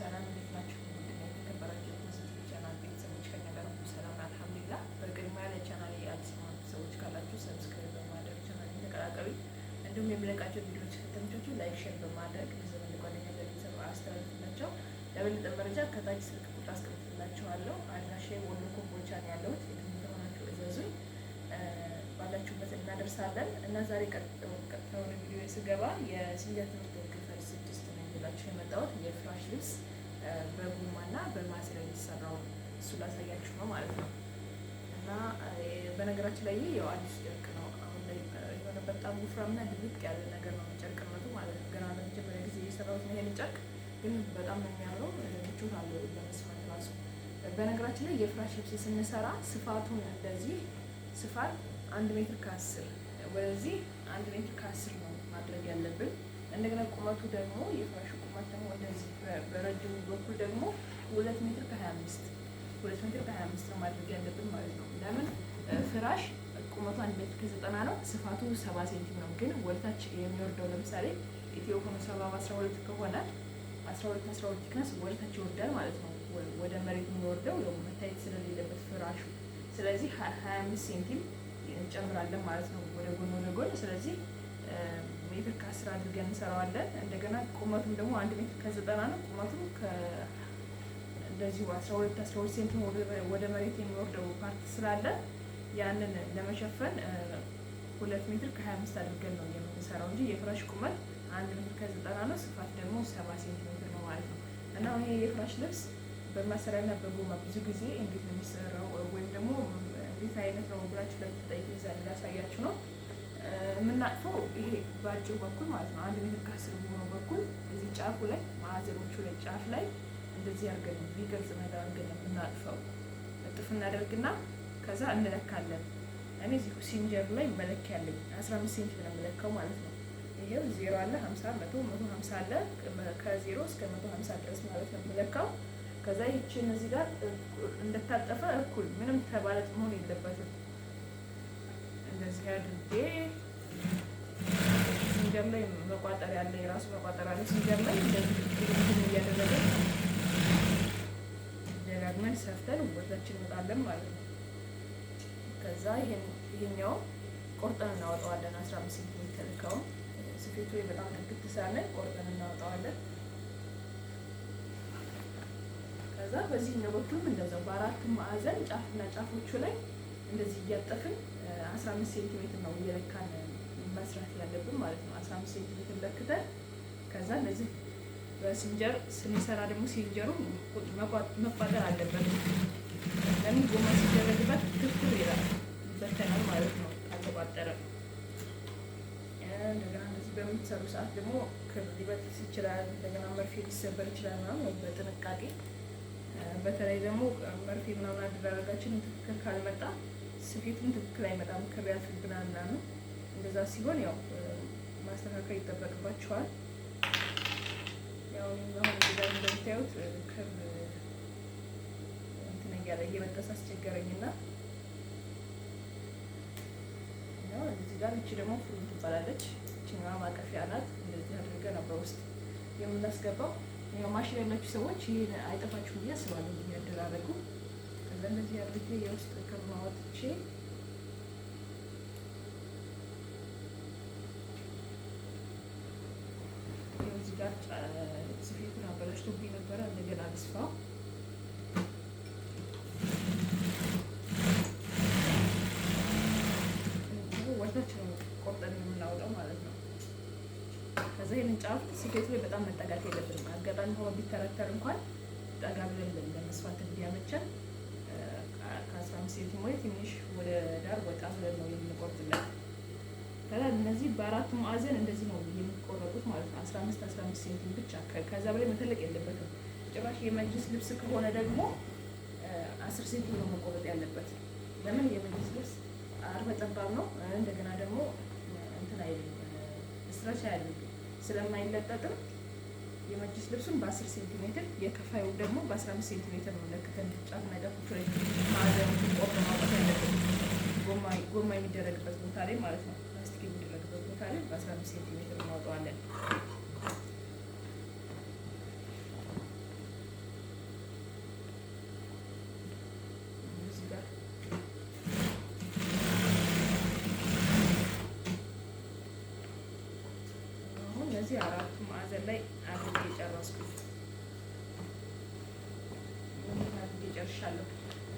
ሰላም እንዴት ናችሁ? ምንድነው የተከበራችሁ የዚህ ቻናል ቤተሰቦች ከኛ ጋር ሁሉ ሰላም አልሐምዱሊላ። በቅድሚያ ለቻናል የአዲስ ማት ሰዎች ካላችሁ ሰብስክራይብ በማድረግ ቻናል ተቀላቀሉ። እንዲሁም የሚለቃቸው ቪዲዮዎች ከተመቻችሁ ላይክ፣ ሼር በማድረግ ለዘመድ ጓደኛ፣ ለቤተሰብ አስተላልፉላቸው። ለበለጠ መረጃ ከታች ስልክ ቁጥር አስቀምጥላችኋለሁ። አድራሻ ወሎ ኮምቦልቻ ያለሁት። የሆናችሁ እዘዙኝ፣ ባላችሁበት እናደርሳለን እና ዛሬ ቀጥታ ወደ ቪዲዮ ስገባ የሲንጀር ትምህርት ክፍል ስድስት ይዤላችሁ የመጣሁት የፍራሽ ልብስ በጎማና በማሰሪያ የሚሰራው እሱ ላሳያችሁ ነው ማለት ነው። እና በነገራችን ላይ ያው አዲስ ጨርቅ ነው። አሁን ላይ የሆነ በጣም ውፍራምና ድብቅ ያለ ነገር ነው ጨርቅነቱ ማለት ነው። ገና ለመጀመሪያ ጊዜ እየሰራሁት ነው ይሄን ጨርቅ፣ ግን በጣም ነው የሚያምረው። ምቾት አለው ለመስፋት ራሱ። በነገራችን ላይ የፍራሽ ልብስ ስንሰራ ስፋቱን እንደዚህ ስፋት አንድ ሜትር ከአስር ወደዚህ አንድ ሜትር ከአስር ነው ማድረግ ያለብን። እንደገና ቁመቱ ደግሞ የፍራሹ ቁመት ደግሞ እንደዚህ በረጅሙ በኩል ደግሞ ሁለት ሜትር ከሀያ አምስት ሁለት ሜትር ከሀያ አምስት ነው ማድረግ ያለብን ማለት ነው። ለምን ፍራሽ ቁመቱ አንድ ሜትር ከዘጠና ነው፣ ስፋቱ ሰባ ሴንቲም ነው። ግን ወደታች የሚወርደው ለምሳሌ ኢትዮ ከሆነ ሰባ አስራ ሁለት ከሆነ አስራ ሁለት አስራ ሁለት ይክነስ ወደታች ይወርዳል ማለት ነው። ወደ መሬት የሚወርደው ያው መታየት ስለሌለበት ፍራሹ ስለዚህ ሀያ አምስት ሴንቲም እንጨምራለን ማለት ነው ወደ ጎን ወደ ጎን ስለዚህ ሜትር ከአስር አድርገን እንሰራዋለን። እንደገና ቁመቱም ደግሞ አንድ ሜትር ከዘጠና ነው። ቁመቱም እንደዚሁ አስራ ሁለት አስራ ሁለት ሴንቲ ወደ መሬት የሚወርደው ፓርት ስላለ ያንን ለመሸፈን ሁለት ሜትር ከሀያ አምስት አድርገን ነው የምንሰራው እንጂ የፍራሽ ቁመት አንድ ሜትር ከዘጠና ነው። ስፋት ደግሞ ሰባ ሴንቲሜትር ነው ማለት ነው። እና ይሄ የፍራሽ ልብስ በማሰሪያና በጎማ ብዙ ጊዜ እንዴት ነው የሚሰራው ወይም ደግሞ እንዴት አይነት ነው ብላችሁ ለምትጠይቅ ዛሬ ላሳያችሁ ነው። የምናጥፈው ይሄ በአጭሩ በኩል ማለት ነው። አንድ ሜትር ከአስር በሆነው በኩል እዚህ ጫፉ ላይ ማዕዘኖቹ ላይ ጫፍ ላይ እንደዚህ አድርገን የሚገልጽ ነገር አድርገን የምናጥፈው እጥፍ እናደርግና ከዛ እንለካለን። እኔ እዚሁ ሲንጀር ላይ መለኪያ አለኝ። አስራ አምስት ሴንቲ ነው የምለካው ማለት ነው። ይሄው ዜሮ አለ ሀምሳ መቶ መቶ ሀምሳ አለ ከዜሮ እስከ መቶ ሀምሳ ድረስ ማለት ነው የምለካው። ከዛ ይችን እዚህ ጋር እንደታጠፈ እኩል ምንም ተባለጥ መሆን የለበትም እንደዚህ አድርጌ ስንጀም ላይ መቋጠሪያ አለ፣ የራሱ መቋጠሪያ አለ። ስንጀም ላይ እንደዚህ እያደረገ ደጋግመን ሰርተን ውበታችን እንወጣለን ማለት ነው። ከዛ ይሄኛው ቆርጠን እናወጣዋለን። አስራ አምስት ሴንቲሜትር የሚተልከውም ስፌቱ በጣም ድግት ሳለ ቆርጠን እናወጣዋለን። ከዛ በዚህኛው በኩልም እንደዛው በአራቱ ማዕዘን ጫፍና ጫፎቹ ላይ እንደዚህ እያጠፍን አስራ አምስት ሴንቲሜትር ነው እየለካን መስራት ያለብን ማለት ነው። አስራ አምስት ሴንቲሜትር ለክተን ከዛ እንደዚህ በሲንጀር ስንሰራ ደግሞ ሲንጀሩ መቋጠር አለበት። ለምን ጎማ ሲደረግበት ክፍል ይላል ይበተናል ማለት ነው። አልተቋጠረም። እንደገና እንደዚህ በምትሰሩ ሰዓት ደግሞ ክር ሊበጥስ ይችላል። እንደገና መርፌ ሊሰበር ይችላል ምናምን በጥንቃቄ በተለይ ደግሞ መርፌ ምናምን አደራረጋችን ትክክል ካልመጣ ስፌቱም ትክክል አይመጣም፣ ክር ያልፍብናል ምናምን። እንደዛ ሲሆን ያው ማስተካከል ይጠበቅባቸዋል። ያው አሁን ዛ እንደምታዩት ክር እንትን እያለ እየመጠሰ አስቸገረኝና እዚህ ጋር እቺ ደግሞ ፍሩን ትባላለች። ችኛ ማቀፊያ ናት። እንደዚህ አድርገ ነበር ውስጥ የምናስገባው ያው ማሽን ያላችሁ ሰዎች ይህን አይጠፋችሁ ብዬ አስባለሁ። እያደራረጉ ከዛ እንደዚህ አድርጌ የውስጥ አውጥቼ እዚህ ጋር ስፌቱን አበላሽቶብኝ ነበረ። እንደገና ልስፋ ወታችን ቆርጠን የምናወጣው ማለት ነው። ከዛ ይህንን ጫፍ ላይ በጣም መጠጋት የለብንም። አጋጣሚ ሆኖ ቢተረተር እንኳን ጠጋ ብለን ለመስፋት እንዲያመቸን አምስት ሴንቲሜትር ትንሽ ወደ ዳር ወጣ ብለን ነው የምንቆርጥለት። ከዛ እነዚህ በአራቱ ማዕዘን እንደዚህ ነው የሚቆረጡት ማለት ነው። አስራ አምስት አስራ አምስት ሴንቲሜትር ብቻ ከዛ በላይ መተለቅ የለበትም። ጭራሽ የመጅልስ ልብስ ከሆነ ደግሞ አስር ሴንቲሜትር ነው መቆረጥ ያለበት። ለምን የመጅልስ ልብስ አርበ ጠባብ ነው። እንደገና ደግሞ እንትን አይልም፣ ስትረች አይልም ስለማይለጠጥም የመጅልስ ልብሱን በ10 ሴንቲሜትር የከፋዩ ደግሞ በ15 ሴንቲሜትር ነው ለክተን ጫፍ መዳፎቹ ላይ ማዘን ቆፍ ማውጣት ያለብን ጎማ የሚደረግበት ቦታ ላይ ማለት ነው። ፕላስቲክ የሚደረግበት ቦታ ላይ በ15 ሴንቲሜትር እናውጠዋለን። ጨርሻለሁ።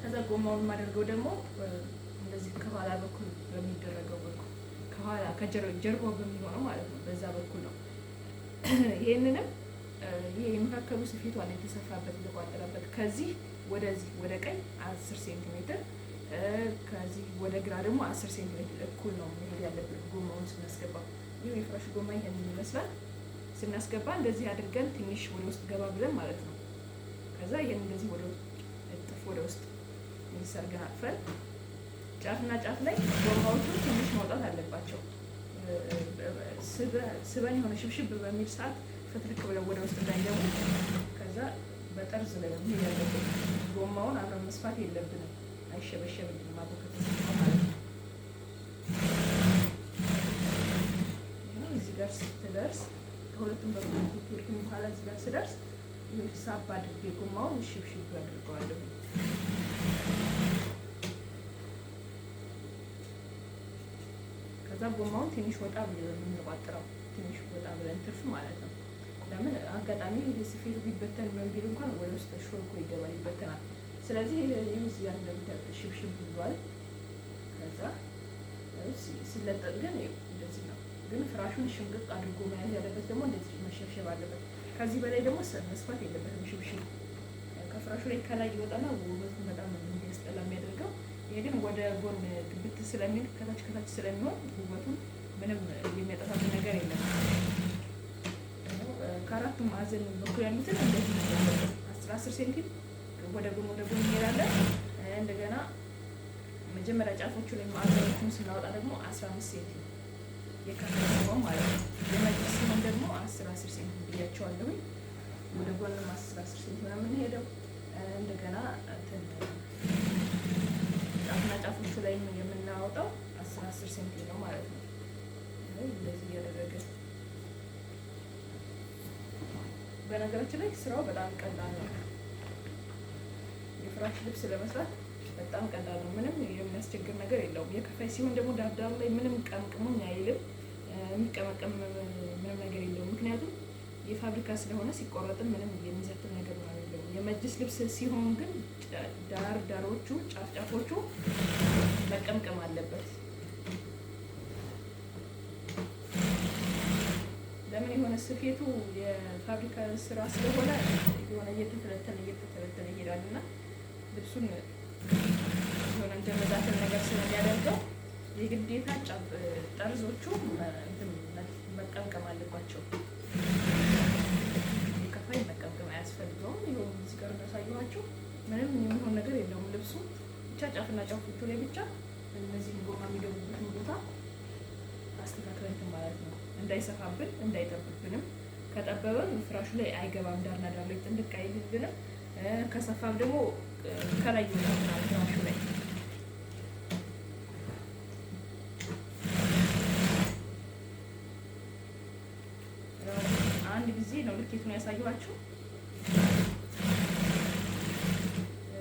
ከዛ ጎማውን የማደርገው ደግሞ እንደዚህ ከኋላ በኩል በሚደረገው በኩል ከኋላ ከጀርባው በሚሆነው ማለት ነው፣ በዛ በኩል ነው። ይህንንም ይህ የመካከሉ ስፌቷ የተሰፋበት የተቋጠረበት ከዚህ ወደዚህ ወደ ቀኝ አስር ሴንቲሜትር ከዚህ ወደ ግራ ደግሞ አስር ሴንቲሜትር እኩል ነው መሄድ ያለብን ጎማውን ስናስገባ። ይህ የፍራሽ ጎማ ይህን ይመስላል። ስናስገባ እንደዚህ አድርገን ትንሽ ወደ ውስጥ ገባ ብለን ማለት ነው። ከዛ ይህን እንደዚህ ወደ ውስጥ እጥፍ ወደ ውስጥ እንዲሰርግን አቅፈን ጫፍና ጫፍ ላይ ጎማዎቹ ትንሽ መውጣት አለባቸው። ስበን የሆነ ሽብሽብ በሚል ሰዓት ፍትልክ ብለው ወደ ውስጥ እንዳይገቡ ከዛ በጠርዝ ላይ ነው ያለብን። ጎማውን አብረን መስፋት የለብንም፣ አይሸበሸብንም ማቦከት ማለት ነው። እዚህ ጋር ስትደርስ ከሁለቱም በኩል በኋላ እዚህ ጋር ስደርስ ሳባ አድርጌ ጎማውን ሽብሽብ አድርገዋለሁ። ከዛ ጎማውን ትንሽ ወጣ ብለን የምንቋጥረው ትንሽ ወጣ ብለን ትርፍ ማለት ነው። ለምን አጋጣሚ ስፌት ቢበተን መንቢል እንኳን ወደ ውስጥ ሾልኮ ይገባል፣ ይበተናል። ስለዚህ ይህ እዚያ እንደምታውቅ ሽብሽብ ብሏል። ከዛ ሲለጠጥ ግን እንደዚህ ነው። ግን ፍራሹን ሽምቅቅ አድርጎ መያዝ ያለበት ደግሞ እንደዚህ መሸብሸብ አለበት። ከዚህ በላይ ደግሞ መስፋት የለበትም። ሽብሽብ ከፍራሹ ላይ ከላይ ይወጣና ውበቱን በጣም እንዲያስጠላ የሚያደርገው ይሄ ግን ወደ ጎን ግብት ስለሚል ከታች ከታች ስለሚሆን ውበቱን ምንም የሚያጠፋት ነገር የለም። ከአራቱ ማዕዘን በኩል ያሉትን እንደዚህ አስር አስር ሴንቲም ወደ ጎን ወደ ጎን እንሄዳለን። እንደገና መጀመሪያ ጫፎቹ ላይ ማዕዘኖቹን ስናወጣ ደግሞ አስራ አምስት ሴንቲም የቀረበው ማለት ነው። የመጅ ሲሆን ደግሞ አስር አስር ሴንት ብያቸዋለሁ። ወደ ጎንም አስር አስር ሴንት ነው የምንሄደው። እንደገና ጫፍና ጫፎቹ ላይ የምናወጣው አስር አስር ሴንት ነው ማለት ነው። እንደዚህ እያደረገ በነገራችን ላይ ስራው በጣም ቀላል ነው። የፍራሽ ልብስ ለመስራት በጣም ቀላል ነው። ምንም የሚያስቸግር ነገር የለውም። የከፋይ ሲሆን ደግሞ ዳርዳር ላይ ምንም ቀምቅሙኝ አይልም። የሚቀመቀም ምንም ነገር የለውም። ምክንያቱም የፋብሪካ ስለሆነ ሲቆረጥም ምንም የሚዘትም ነገር የለውም። የመጅስ ልብስ ሲሆን ግን ዳር ዳሮቹ ጫፍ ጫፎቹ መቀምቀም አለበት። ለምን የሆነ ስፌቱ የፋብሪካ ስራ ስለሆነ የሆነ እየተተለተለ እየተተለተለ ይሄዳልና ልብሱን የሆነ እንደመዛትን ነገር ስለሚያደርገው የግዴታ ጠርዞቹ መቀምቀም አለባቸው። ከፋይ መቀምቀም አያስፈልገውም። ይኸው እዚህ ጋር እንዳሳየኋቸው ምንም የሚሆን ነገር የለውም። ልብሱ ብቻ ጫፍና ጫፎቹ ላይ ብቻ እነዚህ ጎማ የሚገቡበትን ቦታ አስተካክለን ማለት ነው። እንዳይሰፋብን እንዳይጠብብንም፣ ከጠበበም ፍራሹ ላይ አይገባም። ዳርና ዳር ላይ ጥንድቅ አይልብንም። ከሰፋም ደግሞ ከላይ ይወጣል ፍራሹ ላይ እንዴት ነው ያሳየኋችሁ።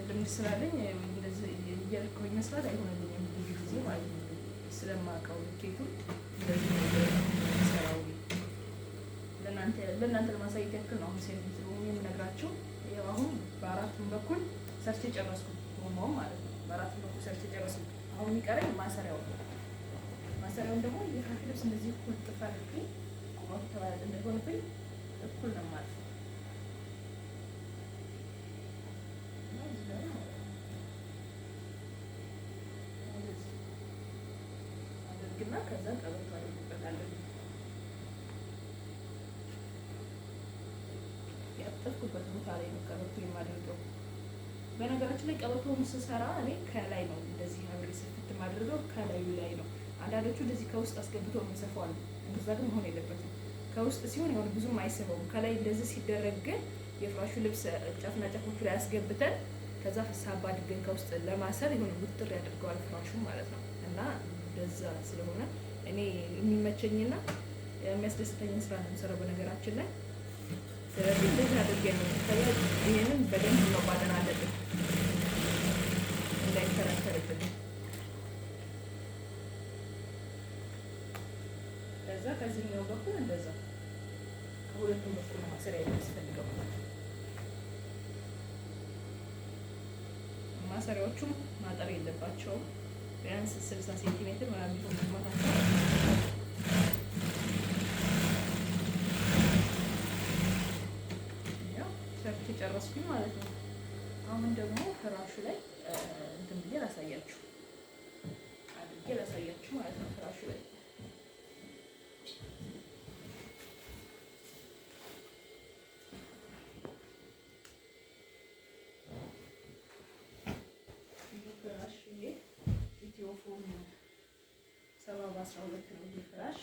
ልምድ ስላለኝ እንደዚህ እየለካሁኝ መስራት አይሆንልኝም ብዙ ጊዜ ማለት ነው። ስለማውቀው ልኬቱን እንደዚህ ሰራው ለእናንተ ለማሳየት ያክል ነው። አሁን ሴንት የምነግራችሁ ያው አሁን በአራቱም በኩል ሰርቼ ጨረስኩ። ጎማውም ማለት ነው በአራቱም በኩል ሰርቼ ጨረስኩ። አሁን የሚቀረኝ ማሰሪያው ማሰሪያውን ደግሞ የካፍ ልብስ እንደዚህ ኩል ጥፋ ልኬ ቁመቱ ተባለጥ እንደሆንብኝ እኩል ነው ማለት ነው። አድርግና ከዛ ቀበቶ ያጠፍኩበት ቦታ ላይ ነው ቀበቶ የማደርገው። በነገራችን ላይ ቀበቶውን ስሰራ እኔ ከላይ ነው እንደዚህ አብሬ ስፍት የማደርገው ከላዩ ላይ ነው። አንዳንዶቹ እንደዚህ ከውስጥ አስገብተው የሚሰፋዋል። እንደዛ ግን መሆን የለበትም። ከውስጥ ሲሆን ይሁን ብዙም አይስበውም። ከላይ እንደዚህ ሲደረግ ግን የፍራሹ ልብስ ጫፍና ጫፎቹ ላይ አስገብተን ከዛ ፍሳባ አድርገን ከውስጥ ለማሰር የሆነ ውጥር ያደርገዋል ፍራሹ ማለት ነው። እና በዛ ስለሆነ እኔ የሚመቸኝና የሚያስደስተኝን ስራ ነው የምሰራው በነገራችን ላይ። ስለዚህ እንደዚህ አድርጌ ነው ይሄንን በደንብ መቋጠር አለብን እንዳይከራከርብን ከዚህኛው በኩል እንደዛ ከሁለቱም በኩል ማሰሪያ የሚያስፈልገው ማሰሪያዎቹም ማጠር የለባቸውም። ቢያንስ ስልሳ ሴንቲሜትር ምናምን ቢሆን መግባታቸው ሰርቼ ጨረስኩኝ ማለት ነው። አሁን ደግሞ ፍራሹ ላይ እንትን ብዬ ላሳያችሁ። ሰባ በአስራ ሁለት ነው ፍራሽ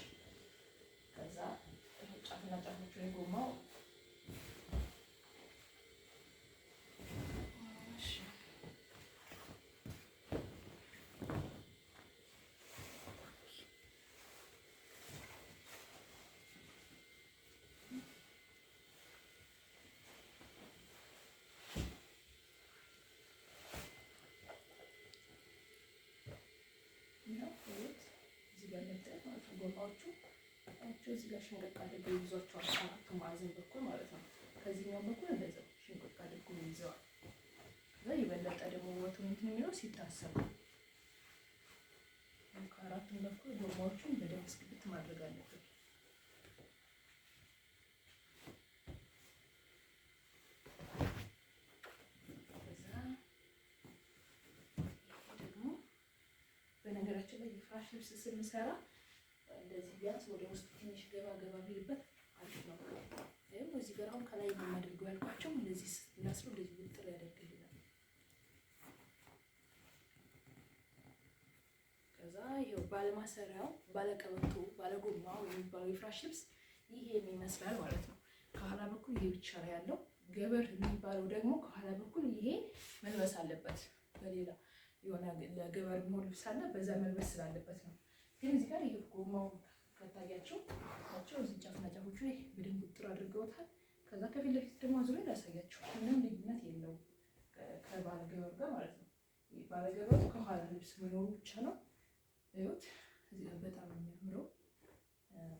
አበባዎቹ ያቸው እዚህ ጋር ሽንቅቅ አድርጎ ይዟቸዋል። አራቱ ማዕዘን በኩል ማለት ነው። ከዚህኛው በኩል እንደዚያው ሽንቅቅ አድርጎ ይዘዋል። ከዛ የበለጠ ደግሞ ውበቱ እንትን የሚለው ሲታሰብ ከአራቱም በኩል ጎማዎቹን በደንብ እስክብት ማድረግ አለብን። በነገራችን ላይ የፍራሽ ልብስ ስንሰራ እንደዚህ ቢያንስ ወደ ውስጥ ትንሽ ገባ ገባ ቢልበት አሪፍ ነው። ይህም እዚህ ጋር አሁን ከላይ የምናደርገው ያልኳቸው እንደዚህ ስናስረው እንደዚህ ውጥር ያደርግልናል። ከዛ ይኸው ባለማሰሪያው ባለቀበቶ ባለጎማው የሚባለው የፍራሽ ልብስ ይሄን ይመስላል ማለት ነው። ከኋላ በኩል ይሄ ብቻ ነው ያለው። ገበር የሚባለው ደግሞ ከኋላ በኩል ይሄ መልበስ አለበት። በሌላ የሆነ ለገበር የሚሆን ልብስ አለ፣ በዛ መልበስ ስላለበት ነው። ግን እዚህ ጋር ይሄ ጎማው የሚታያቸው ናቸው። እዚህ ጫፍ እና ጫፎቹ ላይ በደንብ ውጥር አድርገውታል። ከዛ ከፊት ለፊት ደግሞ አዙሪያ ላሳያቸው። ምንም ልዩነት የለው ከባለገበሩ ጋር ማለት ነው። ባለገበሩ ከኋላ ልብስ መኖሩ ብቻ ነው። ይኸውት በጣም የሚያምረው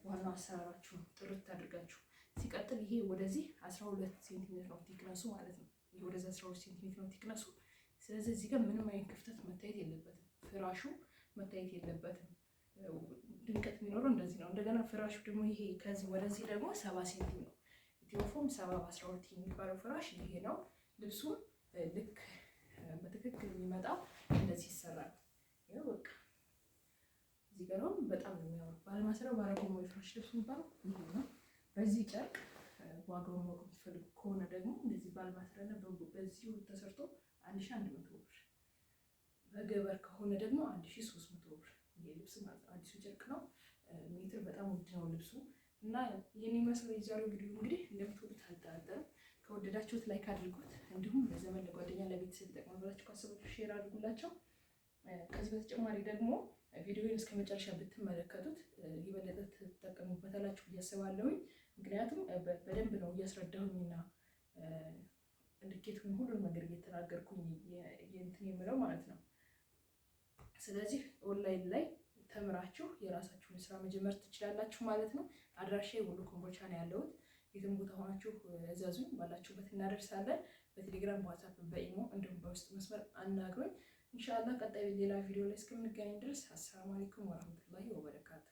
ዋናው አሰራራችሁ ጥርት አድርጋችሁ ሲቀጥል፣ ይሄ ወደዚህ 12 ሴንቲሜትር ነው ቲክነሱ ማለት ነው። ይሄ ወደዚህ 12 ሴንቲሜትር ነው ቲክነሱ። ስለዚህ እዚህ ጋር ምንም አይነት ክፍተት መታየት የለበትም። ፍራሹ መታየት የለበትም። ድምቀት የሚኖረው እንደዚህ ነው። እንደገና ፍራሹ ደግሞ ይሄ ከዚህ ወደዚህ ደግሞ ሰባ ሴንቲ ነው። ኢትዮፎም ሰባ በአስራ ሁለት የሚባለው ፍራሽ ይሄ ነው። ልብሱም ልክ በትክክል የሚመጣው እንደዚህ ይሰራል። ይኸው በቃ እዚህ ጋር አሁን በጣም ነው የሚያምር ባለማሰሪያው ባለጎማ ፍራሽ ልብስ የሚባለው ይሄ ነው። በዚህ ጨርቅ ዋጋውን ማወቅ የምትፈልጉ ከሆነ ደግሞ እንደዚህ ባለማሰሪያና በዚሁ ተሰርቶ አንድ ሺ አንድ መቶ ብር በገበር ከሆነ ደግሞ አንድ ሺ ሶስት መቶ ልብስ ማለት ነው። አዲሱ ጨርቅ ነው። ሜትር በጣም ውድ ነው ልብሱ እና ይህን ይመስለው የዛሬው ቪዲዮ እንግዲህ እንደምትወዱት አልጠራጠርም። ከወደዳችሁት ላይክ አድርጉት፣ እንዲሁም ለዘመን ለጓደኛ፣ ለቤተሰብ ይጠቅማል ብላችሁ ካሰባችሁ ሼር አድርጉላቸው። ከዚህ በተጨማሪ ደግሞ ቪዲዮውን እስከ መጨረሻ ብትመለከቱት የበለጠ ትጠቀሙበታላችሁ ብዬ አስባለሁኝ። ምክንያቱም በደንብ ነው እያስረዳሁኝና እንድኬትኩኝ ሁሉን ነገር እየተናገርኩኝ እንትን የምለው ማለት ነው። ስለዚህ ኦንላይን ላይ ተምራችሁ የራሳችሁን ስራ መጀመር ትችላላችሁ ማለት ነው። አድራሻ የወሎ ኮምቦልቻ ነው ያለሁት። የትም ቦታ ሆናችሁ እዘዙኝ፣ ባላችሁበት እናደርሳለን። በቴሌግራም በዋትሳፕ፣ በኢሞ እንዲሁም በውስጥ መስመር አናግሩኝ። ኢንሻላህ ቀጣይ ሌላ ቪዲዮ ላይ እስከምንገናኝ ድረስ አሰላሙ አለይኩም ወረህመቱላሂ ወበረካቱ።